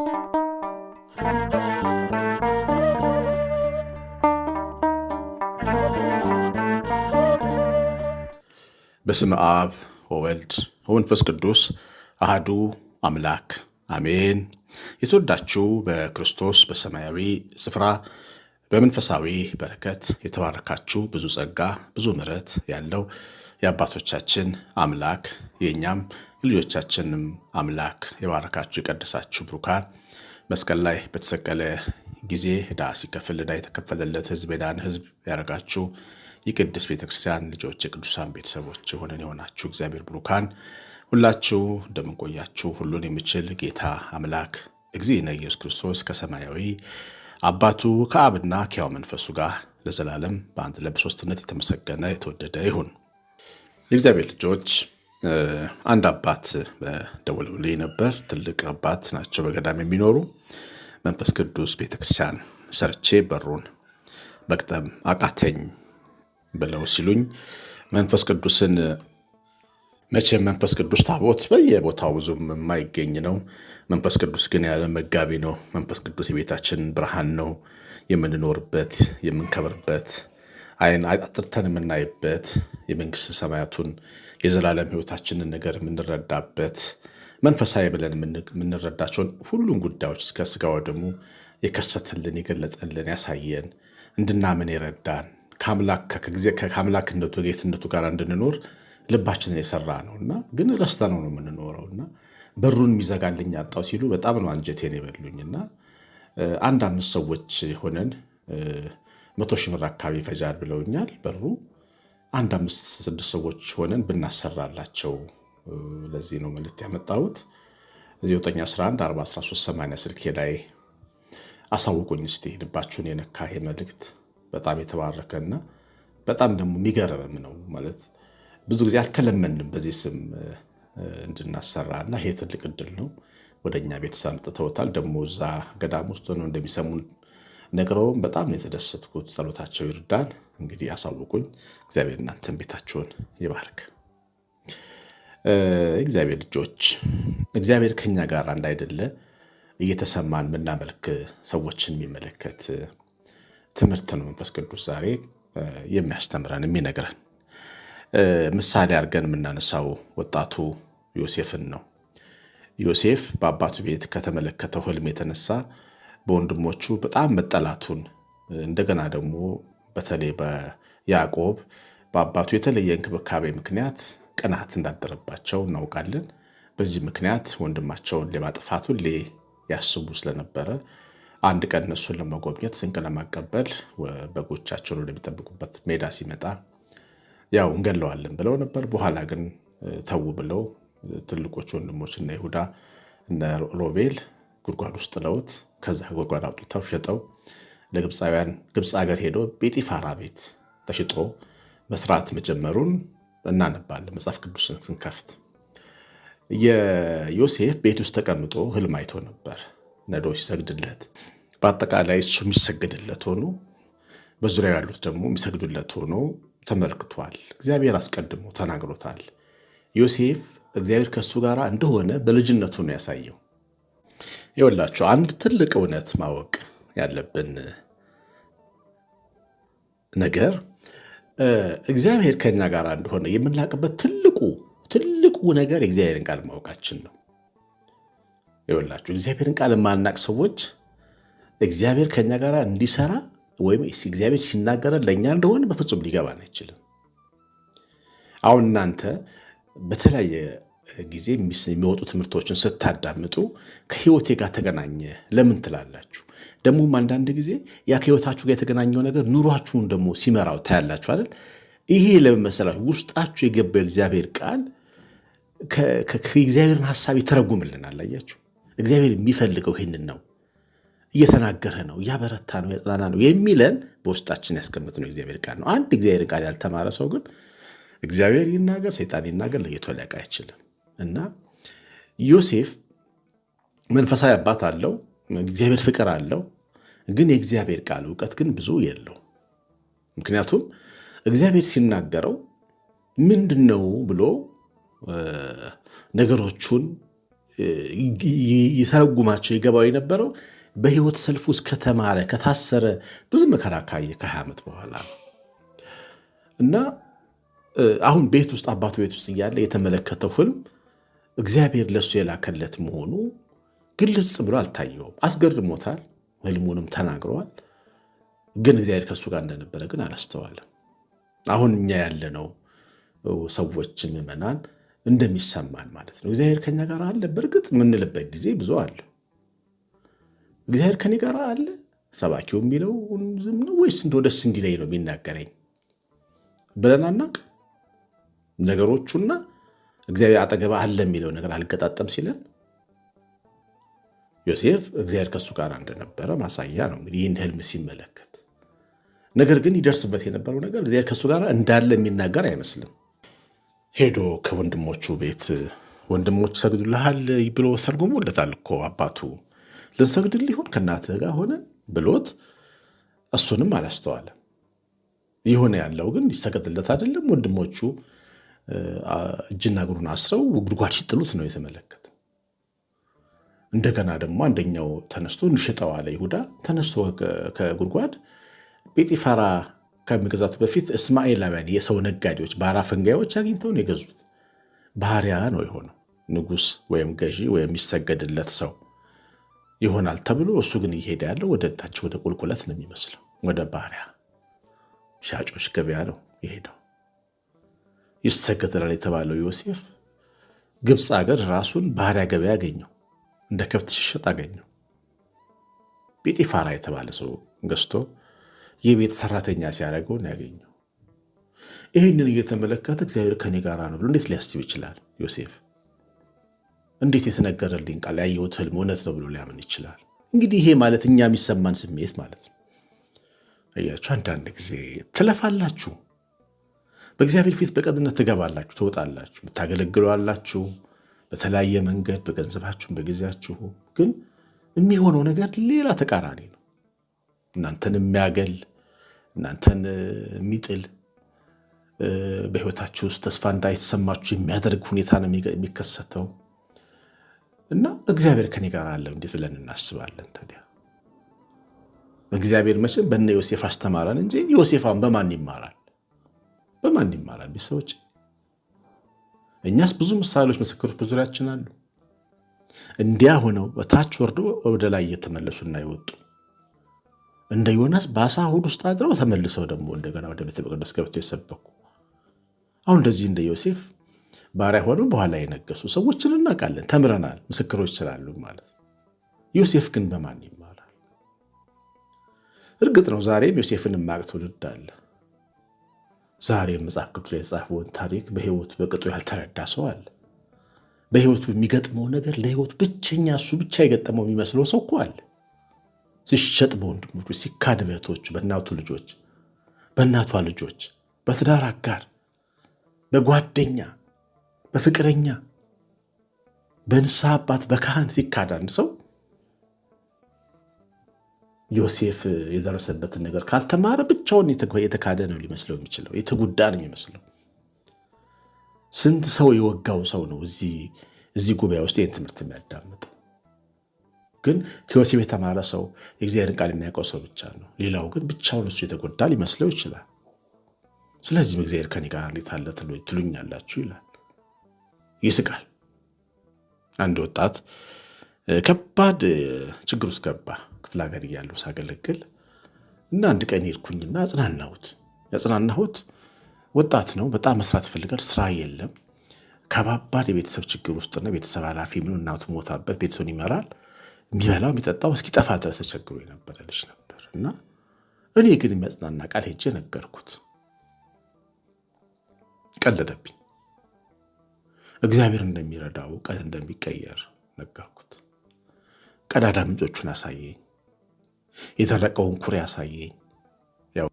በስም አብ ወወልድ ወመንፈስ ቅዱስ አህዱ አምላክ አሜን። የተወዳችሁ በክርስቶስ በሰማያዊ ስፍራ በመንፈሳዊ በረከት የተባረካችሁ ብዙ ጸጋ ብዙ ምሕረት ያለው የአባቶቻችን አምላክ የእኛም ልጆቻችንም አምላክ የባረካችሁ የቀደሳችሁ ብሩካን መስቀል ላይ በተሰቀለ ጊዜ ዕዳ ሲከፍል ዕዳ የተከፈለለት ህዝብ የዳነ ህዝብ ያደረጋችሁ የቅድስት ቤተክርስቲያን ልጆች የቅዱሳን ቤተሰቦች የሆነን የሆናችሁ እግዚአብሔር ብሩካን ሁላችሁ እንደምንቆያችሁ ሁሉን የሚችል ጌታ አምላክ እግዚእነ ኢየሱስ ክርስቶስ ከሰማያዊ አባቱ ከአብና ከያው መንፈሱ ጋር ለዘላለም በአንድ ለብሶስትነት የተመሰገነ የተወደደ ይሁን። የእግዚአብሔር ልጆች አንድ አባት በደወልውሌ ነበር። ትልቅ አባት ናቸው፣ በገዳም የሚኖሩ መንፈስ ቅዱስ ቤተክርስቲያን ሰርቼ በሩን መቅጠም አቃተኝ ብለው ሲሉኝ መንፈስ ቅዱስን መቼም መንፈስ ቅዱስ ታቦት በየቦታው ብዙም የማይገኝ ነው። መንፈስ ቅዱስ ግን ያለ መጋቢ ነው። መንፈስ ቅዱስ የቤታችን ብርሃን ነው፣ የምንኖርበት የምንከብርበት፣ አይን አጥርተን የምናይበት የመንግስት ሰማያቱን የዘላለም ህይወታችንን ነገር የምንረዳበት መንፈሳዊ ብለን የምንረዳቸውን ሁሉን ጉዳዮች እስከ ስጋው ደግሞ የከሰትልን የገለጠልን ያሳየን እንድናምን የረዳን ከአምላክነቱ ጌትነቱ ጋር እንድንኖር ልባችንን የሰራ እና ግን ረስተ ነው ነው እና በሩን የሚዘጋልኝ አጣው ሲሉ በጣም ነው አንጀቴን እና አንድ አምስት ሰዎች ሆነን መቶ ሺህ ብር አካባቢ ይፈጃል ብለውኛል በሩ አንድ አምስት ስድስት ሰዎች ሆነን ብናሰራላቸው ለዚህ ነው መልዕክት ያመጣሁት። 9114380 ስልኬ ላይ አሳውቁኝ እስቲ ልባችሁን የነካ ይሄ በጣም የተባረከና በጣም ደግሞ የሚገርምም ነው። ማለት ብዙ ጊዜ አልተለመንም በዚህ ስም እንድናሰራ እና ይሄ ትልቅ እድል ነው። ወደ እኛ ቤተሰብ አምጥተውታል። ደግሞ እዛ ገዳም ውስጥ ሆነው እንደሚሰሙን ነግረውም በጣም የተደሰትኩት። ጸሎታቸው ይርዳን። እንግዲህ አሳውቁኝ። እግዚአብሔር እናንተን ቤታችሁን ይባርክ። እግዚአብሔር ልጆች፣ እግዚአብሔር ከኛ ጋር አንድ አይደለ እየተሰማን የምናመልክ ሰዎችን የሚመለከት ትምህርት ነው መንፈስ ቅዱስ ዛሬ የሚያስተምረን የሚነግረን። ምሳሌ አድርገን የምናነሳው ወጣቱ ዮሴፍን ነው። ዮሴፍ በአባቱ ቤት ከተመለከተው ህልም የተነሳ በወንድሞቹ በጣም መጠላቱን እንደገና ደግሞ በተለይ በያዕቆብ በአባቱ የተለየ እንክብካቤ ምክንያት ቅናት እንዳደረባቸው እናውቃለን። በዚህ ምክንያት ወንድማቸውን ለማጥፋት ሁሌ ያስቡ ስለነበረ አንድ ቀን እነሱን ለመጎብኘት ስንቅ ለማቀበል በጎቻቸውን ወደሚጠብቁበት ሜዳ ሲመጣ ያው እንገለዋለን ብለው ነበር። በኋላ ግን ተዉ ብለው ትልቆች ወንድሞች እነ ይሁዳ እነ ሮቤል ጉድጓድ ውስጥ ለውት ከዛ ጉድጓድ አውጥተው ሸጠው ለግብፃውያን ግብፅ ሀገር ሄዶ ቤጢፋራ ቤት ተሽጦ መስራት መጀመሩን እናነባለን መጽሐፍ ቅዱስን ስንከፍት። የዮሴፍ ቤት ውስጥ ተቀምጦ ህልም አይቶ ነበር። ነዶ ሲሰግድለት በአጠቃላይ እሱ የሚሰግድለት ሆኖ በዙሪያው ያሉት ደግሞ የሚሰግዱለት ሆኖ ተመልክቷል። እግዚአብሔር አስቀድሞ ተናግሮታል። ዮሴፍ እግዚአብሔር ከእሱ ጋር እንደሆነ በልጅነቱ ነው ያሳየው። ይወላችሁ አንድ ትልቅ እውነት ማወቅ ያለብን ነገር እግዚአብሔር ከኛ ጋር እንደሆነ የምናውቅበት ትልቁ ትልቁ ነገር የእግዚአብሔርን ቃል ማወቃችን ነው። ይወላችሁ እግዚአብሔርን ቃል የማናቅ ሰዎች እግዚአብሔር ከኛ ጋር እንዲሰራ ወይም እግዚአብሔር ሲናገረን ለእኛ እንደሆነ በፍጹም ሊገባን አይችልም። አሁን እናንተ በተለያየ ጊዜ የሚወጡ ትምህርቶችን ስታዳምጡ ከህይወቴ ጋር ተገናኘ ለምን ትላላችሁ? ደግሞም አንዳንድ ጊዜ ያ ከህይወታችሁ ጋር የተገናኘው ነገር ኑሯችሁን ደግሞ ሲመራው ታያላችሁ አይደል? ይሄ ለምን መሰላችሁ? ውስጣችሁ የገባው እግዚአብሔር ቃል ከእግዚአብሔርን ሀሳብ ይተረጉምልናል። አያችሁ፣ እግዚአብሔር የሚፈልገው ይህንን ነው። እየተናገረ ነው፣ እያበረታ ነው፣ ያጽናና ነው የሚለን በውስጣችን ያስቀምጥ ነው እግዚአብሔር ቃል ነው። አንድ እግዚአብሔር ቃል ያልተማረ ሰው ግን እግዚአብሔር ይናገር፣ ሰይጣን ይናገር፣ ለየቶ ሊያውቅ አይችልም። እና ዮሴፍ መንፈሳዊ አባት አለው፣ እግዚአብሔር ፍቅር አለው። ግን የእግዚአብሔር ቃል እውቀት ግን ብዙ የለው። ምክንያቱም እግዚአብሔር ሲናገረው ምንድን ነው ብሎ ነገሮቹን ይተረጉማቸው ይገባው የነበረው በህይወት ሰልፍ ውስጥ ከተማረ ከታሰረ ብዙ መከራ ካየ ከሀያ ዓመት በኋላ ነው እና አሁን ቤት ውስጥ አባቱ ቤት ውስጥ እያለ የተመለከተው ህልም እግዚአብሔር ለእሱ የላከለት መሆኑ ግልጽ ብሎ አልታየውም። አስገርሞታል፣ ህልሙንም ተናግረዋል። ግን እግዚአብሔር ከእሱ ጋር እንደነበረ ግን አላስተዋለም። አሁን እኛ ያለነው ሰዎች ምዕመናን እንደሚሰማን ማለት ነው። እግዚአብሔር ከኛ ጋር አለ በእርግጥ የምንልበት ጊዜ ብዙ አለ። እግዚአብሔር ከኔ ጋር አለ ሰባኪው የሚለው ዝም ነው ወይስ እንደው ደስ እንዲለኝ ነው የሚናገረኝ ብለን አናቅ ነገሮቹና እግዚአብሔር አጠገብ አለ የሚለው ነገር አልገጣጠም ሲለን ዮሴፍ እግዚአብሔር ከእሱ ጋር እንደነበረ ማሳያ ነው። እንግዲህ ይህን ህልም ሲመለከት ነገር ግን ይደርስበት የነበረው ነገር እግዚአብሔር ከእሱ ጋር እንዳለ የሚናገር አይመስልም። ሄዶ ከወንድሞቹ ቤት ወንድሞች ሰግዱልሃል ብሎ ተርጉሞለታል እኮ አባቱ ልንሰግድል ሊሆን ከእናትህ ጋር ሆነ ብሎት እሱንም አላስተዋለም። ይሆነ ያለው ግን ይሰገድለት አይደለም ወንድሞቹ እጅና እግሩን አስረው ጉድጓድ ሲጥሉት ነው የተመለከተ። እንደገና ደግሞ አንደኛው ተነስቶ እንሸጠው አለ ይሁዳ። ተነስቶ ከጉድጓድ ጴጢፋራ ከሚገዛቱ በፊት እስማኤላውያን የሰው ነጋዴዎች፣ ባራ ፈንጋዮች አግኝተውን የገዙት ባህሪያ ነው የሆነው። ንጉስ ወይም ገዢ ወይም የሚሰገድለት ሰው ይሆናል ተብሎ እሱ ግን እየሄደ ያለው ወደ ታች ወደ ቁልቁለት ነው የሚመስለው፣ ወደ ባህሪያ ሻጮች ገበያ ነው የሄደው። ይሰገድላል የተባለው ዮሴፍ ግብፅ ሀገር ራሱን ባሪያ ገበያ አገኘው። እንደ ከብት ሲሸጥ አገኘው። ጲጢፋራ የተባለ ሰው ገዝቶ የቤት ሰራተኛ ሲያደርገው ያገኘው። ይህንን እየተመለከተ እግዚአብሔር ከኔ ጋር ነው ብሎ እንዴት ሊያስብ ይችላል? ዮሴፍ እንዴት የተነገረልኝ ቃል ያየሁት ህልም እውነት ነው ብሎ ሊያምን ይችላል? እንግዲህ ይሄ ማለት እኛ የሚሰማን ስሜት ማለት ነው። አያችሁ፣ አንዳንድ ጊዜ ትለፋላችሁ በእግዚአብሔር ፊት በቀድነት ትገባላችሁ፣ ትወጣላችሁ፣ ታገለግሏላችሁ አላችሁ በተለያየ መንገድ በገንዘባችሁም በጊዜያችሁ። ግን የሚሆነው ነገር ሌላ ተቃራኒ ነው። እናንተን የሚያገል እናንተን የሚጥል በህይወታችሁ ውስጥ ተስፋ እንዳይሰማችሁ የሚያደርግ ሁኔታ ነው የሚከሰተው። እና እግዚአብሔር ከኔ ጋር አለ እንዴት ብለን እናስባለን? ታዲያ እግዚአብሔር መቼም በነ ዮሴፍ አስተማረን እንጂ ዮሴፋን በማን ይማራል? በማን ይማራል? ቤተሰቦች፣ እኛስ ብዙ ምሳሌዎች፣ ምስክሮች በዙሪያችን አሉ። እንዲያ ሆነው በታች ወርዶ ወደ ላይ እየተመለሱና ይወጡ እንደ ዮናስ በአሳ ሆድ ውስጥ አድረው ተመልሰው ደግሞ እንደገና ወደ ቤተ መቅደስ ገብተው የሰበኩ አሁን እንደዚህ እንደ ዮሴፍ ባሪያ ሆነው በኋላ የነገሱ ሰዎችን እናውቃለን፣ ተምረናል፣ ምስክሮች ስላሉ ማለት ነው። ዮሴፍ ግን በማን ይማላል? እርግጥ ነው ዛሬም ዮሴፍን የማያውቅ ትውልድ አለ። ዛሬ መጽሐፍ ቅዱስ ላይ የተጻፈውን ታሪክ በህይወቱ በቅጡ ያልተረዳ ሰው አለ። በህይወቱ የሚገጥመው ነገር ለህይወቱ ብቸኛ እሱ ብቻ የገጠመው የሚመስለው ሰው እኮ አለ። ሲሸጥ በወንድሞቹ፣ ሲካድ በእህቶቹ፣ በእናቱ ልጆች፣ በእናቷ ልጆች፣ በትዳር አጋር፣ በጓደኛ፣ በፍቅረኛ፣ በንስሐ አባት፣ በካህን ሲካድ አንድ ሰው ዮሴፍ የደረሰበትን ነገር ካልተማረ ብቻውን የተካደ ነው ሊመስለው የሚችለው የተጎዳ ነው የሚመስለው። ስንት ሰው የወጋው ሰው ነው እዚህ ጉባኤ ውስጥ ይህን ትምህርት የሚያዳምጠው። ግን ከዮሴፍ የተማረ ሰው የእግዚአብሔርን ቃል የሚያውቀው ሰው ብቻ ነው። ሌላው ግን ብቻውን እሱ የተጎዳ ሊመስለው ይችላል። ስለዚህም እግዚአብሔር ከኔ ጋር እንዴት አለ ትሉኛላችሁ ይላል። ይስቃል። አንድ ወጣት ከባድ ችግር ውስጥ ገባ። ክፍለ ሀገር እያለሁ ሳገለግል እና አንድ ቀን ሄድኩኝና ያጽናናሁት ያጽናናሁት ወጣት ነው፣ በጣም መስራት ይፈልጋል፣ ስራ የለም። ከባባድ የቤተሰብ ችግር ውስጥና ቤተሰብ ኃላፊ ምን እናቱ ሞታበት ቤተሰቡን ይመራል። የሚበላው የሚጠጣው እስኪጠፋ ድረስ ተቸግሮ የነበረ ልጅ ነበር እና እኔ ግን የሚያጽናና ቃል ሄጄ ነገርኩት። ቀለደብኝ። እግዚአብሔር እንደሚረዳው ቀን እንደሚቀየር ነገርኩት። ቀዳዳ ምንጮቹን አሳየኝ። የደረቀውን ኩሬ አሳየኝ። ያው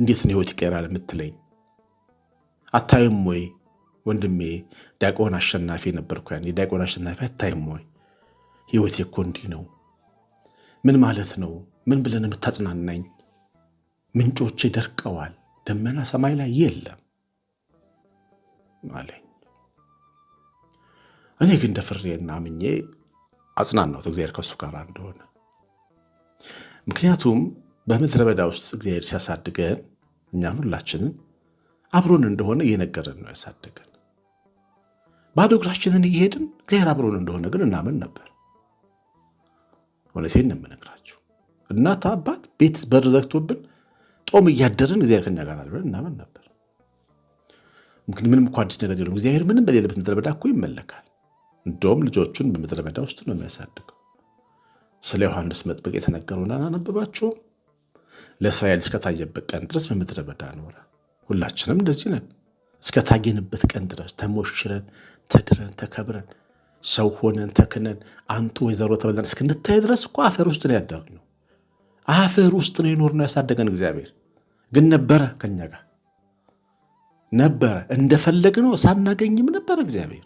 እንዴት ነው ህይወት ይቀራል የምትለኝ አታይም ወይ ወንድሜ? ዲያቆን አሸናፊ ነበርኩ። ያን የዲያቆን አሸናፊ አታይም ወይ? ህይወቴ እኮ እንዲህ ነው። ምን ማለት ነው? ምን ብለን የምታጽናናኝ? ምንጮቼ ደርቀዋል። ደመና ሰማይ ላይ የለም አለኝ። እኔ ግን ደፍሬና ምኜ አጽናናሁት እግዚአብሔር ከሱ ጋር እንደሆነ። ምክንያቱም በምድረ በዳ ውስጥ እግዚአብሔር ሲያሳድገን እኛን ሁላችንን አብሮን እንደሆነ እየነገረን ነው ያሳደገን። ባዶ እግራችንን እየሄድን እግዚአብሔር አብሮን እንደሆነ ግን እናምን ነበር። እውነቴን ነው የምነግራችሁ። እናት አባት ቤት በር ዘግቶብን ጦም እያደርን እግዚአብሔር ከኛ ጋር አለ እናምን ነበር። ምንም እኮ አዲስ ነገር የለውም። እግዚአብሔር ምንም በሌለበት ምድረ በዳ እኮ ይመለካል። እንደውም ልጆቹን በምድረ በዳ ውስጥ ነው የሚያሳድገው። ስለ ዮሐንስ መጥምቅ የተነገረውን አናነበባችሁም? ለእስራኤል እስከታየበት ቀን ድረስ በምድረ በዳ ኖረ። ሁላችንም እንደዚህ ነን። እስከታየንበት ቀን ድረስ ተሞሽረን፣ ተድረን፣ ተከብረን ሰው ሆነን ተክነን አንቱ ወይዘሮ ተበለን እስክንታይ ድረስ እኮ አፈር ውስጥ ነው ያደግነው። አፈር ውስጥ ነው የኖርነው። ያሳደገን እግዚአብሔር ግን ነበረ፣ ከኛ ጋር ነበረ። እንደፈለግነው ሳናገኝም ነበረ እግዚአብሔር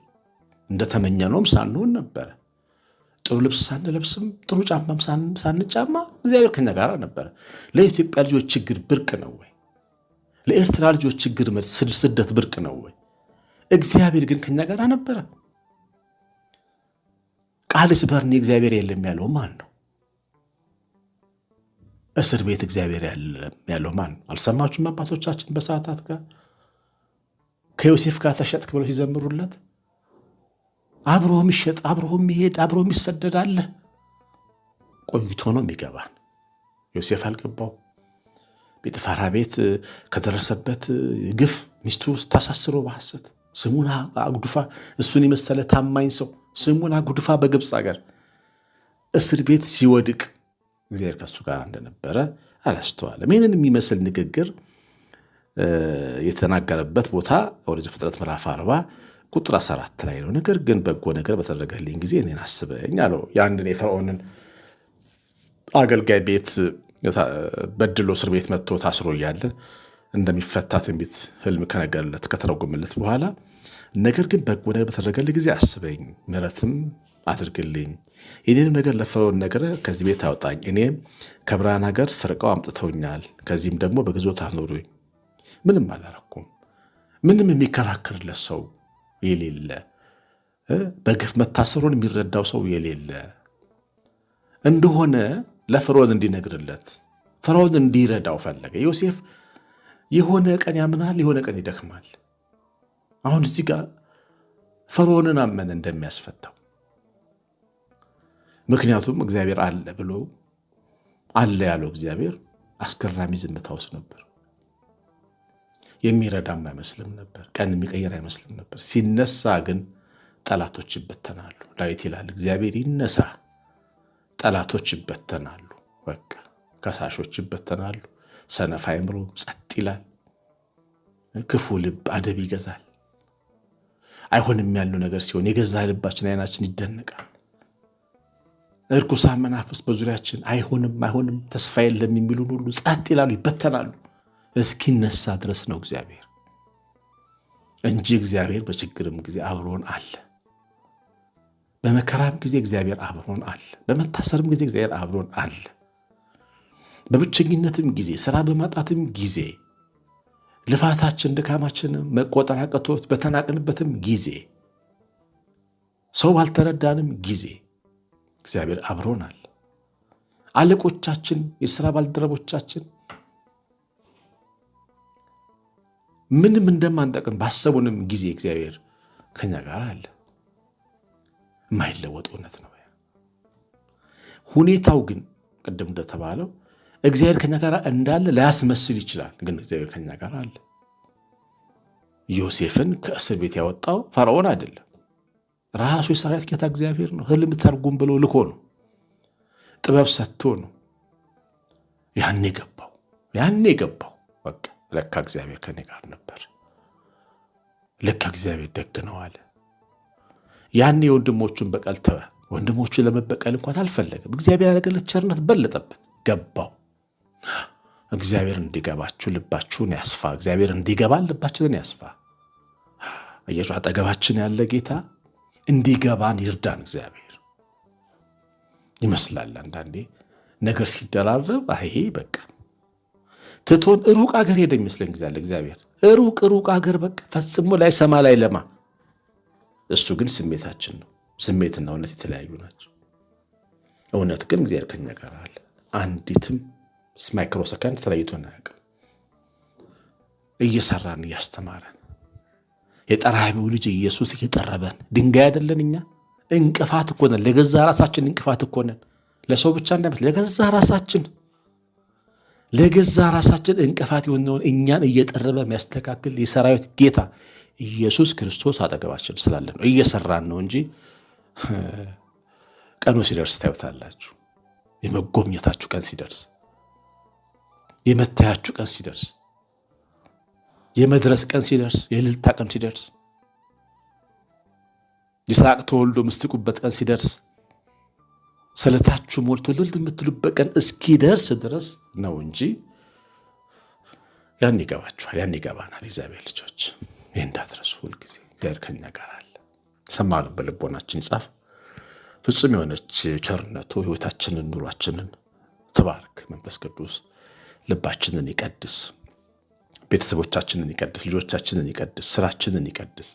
እንደተመኘነውም ሳንሆን ነበረ። ጥሩ ልብስ ሳንለብስም ጥሩ ጫማም ሳንጫማ እግዚአብሔር ከኛ ጋር ነበረ። ለኢትዮጵያ ልጆች ችግር ብርቅ ነው ወይ? ለኤርትራ ልጆች ችግር ስደት ብርቅ ነው ወይ? እግዚአብሔር ግን ከኛ ጋር ነበረ። ቃልስ በርኔ እግዚአብሔር የለም ያለው ማን ነው? እስር ቤት እግዚአብሔር የለም ያለው ማን ነው? አልሰማችሁም? አባቶቻችን በሰዓታት ጋር ከዮሴፍ ጋር ተሸጥክ ብለው ሲዘምሩለት አብሮም ይሸጥ አብሮም ይሄድ አብሮም ይሰደዳለ ቆይቶ ነው የሚገባን። ዮሴፍ አልገባው። ጲጥፋራ ቤት ከደረሰበት ግፍ ሚስቱ ስታሳስሮ በሐሰት ስሙን አጉድፋ እሱን የመሰለ ታማኝ ሰው ስሙን አጉድፋ በግብፅ ሀገር እስር ቤት ሲወድቅ እግዚአብሔር ከእሱ ጋር እንደነበረ አላስተዋለም። ይህንን የሚመስል ንግግር የተናገረበት ቦታ ወደ ዘፍጥረት ምዕራፍ አርባ ቁጥር 14 ላይ ነው። ነገር ግን በጎ ነገር በተደረገልኝ ጊዜ እኔን አስበኝ አለው። የአንድን የፈርዖንን አገልጋይ ቤት በድሎ እስር ቤት መጥቶ ታስሮ እያለ እንደሚፈታ ትንቢት ህልም ከነገርለት ከተረጎምለት በኋላ ነገር ግን በጎ ነገር በተደረገልኝ ጊዜ አስበኝ፣ ምሕረትም አድርግልኝ፣ የኔንም ነገር ለፈርዖን ነገር ከዚህ ቤት አውጣኝ፣ እኔም ከብርሃን ሀገር ሰርቀው አምጥተውኛል፣ ከዚህም ደግሞ በግዞት አኖሩኝ፣ ምንም አላረኩም። ምንም የሚከራከርለት ሰው የሌለ በግፍ መታሰሩን የሚረዳው ሰው የሌለ እንደሆነ ለፈርዖን እንዲነግርለት ፈርዖን እንዲረዳው ፈለገ። ዮሴፍ የሆነ ቀን ያምናል፣ የሆነ ቀን ይደክማል። አሁን እዚህ ጋር ፈርዖንን አመነ እንደሚያስፈታው። ምክንያቱም እግዚአብሔር አለ ብሎ አለ ያለው እግዚአብሔር አስገራሚ ዝምታ ውስጥ ነበር። የሚረዳም አይመስልም ነበር፣ ቀን የሚቀይር አይመስልም ነበር። ሲነሳ ግን ጠላቶች ይበተናሉ። ዳዊት ይላል እግዚአብሔር ይነሳ፣ ጠላቶች ይበተናሉ። በቃ ከሳሾች ይበተናሉ። ሰነፍ አይምሮ ጸጥ ይላል። ክፉ ልብ አደብ ይገዛል። አይሆንም ያልነው ነገር ሲሆን የገዛ ልባችን አይናችን ይደነቃል። እርኩሳን መናፍስት በዙሪያችን አይሆንም አይሆንም ተስፋ የለም የሚሉን ሁሉ ጸጥ ይላሉ፣ ይበተናሉ። እስኪነሳ ድረስ ነው እግዚአብሔር እንጂ እግዚአብሔር በችግርም ጊዜ አብሮን አለ። በመከራም ጊዜ እግዚአብሔር አብሮን አለ። በመታሰርም ጊዜ እግዚአብሔር አብሮን አለ። በብቸኝነትም ጊዜ ስራ በማጣትም ጊዜ ልፋታችን ድካማችንም መቆጠር አቅቶት በተናቅንበትም ጊዜ ሰው ባልተረዳንም ጊዜ እግዚአብሔር አብሮን አለ። አለቆቻችን፣ የስራ ባልደረቦቻችን ምንም እንደማንጠቅም ባሰቡንም ጊዜ እግዚአብሔር ከኛ ጋር አለ። የማይለወጥ እውነት ነው። ሁኔታው ግን ቅድም እንደተባለው እግዚአብሔር ከኛ ጋር እንዳለ ላያስመስል ይችላል። ግን እግዚአብሔር ከኛ ጋር አለ። ዮሴፍን ከእስር ቤት ያወጣው ፈርዖን አይደለም፣ ራሱ የሰራዊት ጌታ እግዚአብሔር ነው። ህልም ተርጉም ብሎ ልኮ ነው፣ ጥበብ ሰጥቶ ነው። ያኔ ገባው፣ ያኔ ገባው በቃ ለካ እግዚአብሔር ከኔ ጋር ነበር፣ ለካ እግዚአብሔር ደግ ነው አለ። ያኔ የወንድሞቹን በቀል ተወ። ወንድሞቹን ለመበቀል እንኳን አልፈለገም። እግዚአብሔር ያደረገለት ቸርነት በለጠበት፣ ገባው። እግዚአብሔር እንዲገባችሁ ልባችሁን ያስፋ። እግዚአብሔር እንዲገባን ልባችንን ያስፋ። አያችሁ፣ አጠገባችን ያለ ጌታ እንዲገባን ይርዳን። እግዚአብሔር ይመስላል አንዳንዴ ነገር ሲደራረብ አይ በቃ ትቶን ሩቅ አገር ሄደ የሚመስለን ጊዜ ግዛለ እግዚአብሔር ሩቅ ሩቅ አገር በቃ ፈጽሞ ላይ ሰማ ላይ ለማ እሱ ግን ስሜታችን ነው። ስሜትና እውነት የተለያዩ ናቸው። እውነት ግን እግዚአብሔር ከኛ ጋር አለ። አንዲትም ማይክሮሰከንድ ተለይቶን አያውቅም። እየሰራን እያስተማረን የጠራቢው ልጅ ኢየሱስ እየጠረበን ድንጋይ አይደለን እኛ እንቅፋት እኮ ነን። ለገዛ ራሳችን እንቅፋት እኮ ነን። ለሰው ብቻ እንዳይመስል ለገዛ ራሳችን ለገዛ ራሳችን እንቅፋት የሆነውን እኛን እየጠረበ የሚያስተካክል የሰራዊት ጌታ ኢየሱስ ክርስቶስ አጠገባችን ስላለ ነው። እየሰራን ነው እንጂ ቀኑ ሲደርስ ታዩታላችሁ። የመጎብኘታችሁ ቀን ሲደርስ፣ የመታያችሁ ቀን ሲደርስ፣ የመድረስ ቀን ሲደርስ፣ የልልታ ቀን ሲደርስ፣ ይስሐቅ ተወልዶ ምስትቁበት ቀን ሲደርስ ስለታችሁ ሞልቶ ልል የምትሉበት ቀን እስኪደርስ ድረስ ነው እንጂ ያን ይገባችኋል፣ ያን ይገባናል። እግዚአብሔር ልጆች ይህ እንዳትረሱ ሁልጊዜ እግዚአብሔር ከኛ ጋር አለ። ሰማነው በልቦናችን ይጻፍ። ፍጹም የሆነች ቸርነቱ ህይወታችንን፣ ኑሯችንን ትባርክ። መንፈስ ቅዱስ ልባችንን ይቀድስ፣ ቤተሰቦቻችንን ይቀድስ፣ ልጆቻችንን ይቀድስ፣ ስራችንን ይቀድስ።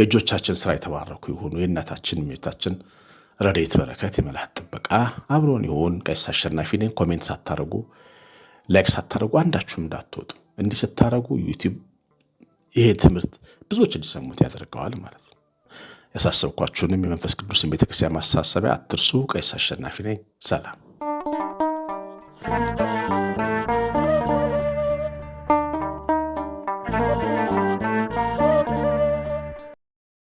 የእጆቻችን ስራ የተባረኩ ይሆኑ። የእናታችን ሜታችን ረዴት በረከት የመልሀት ጥበቃ አብሮን ይሁን። ቀሲስ አሸናፊ ነኝ። ኮሜንት ሳታረጉ ላይክ ሳታረጉ አንዳችሁም እንዳትወጡ። እንዲህ ስታረጉ ዩቲዩብ ይሄ ትምህርት ብዙዎች እንዲሰሙት ያደርገዋል ማለት ነው። ያሳሰብኳችሁንም የመንፈስ ቅዱስን ቤተክርስቲያን ማሳሰቢያ አትርሱ። ቀሲስ አሸናፊ ነኝ። ሰላም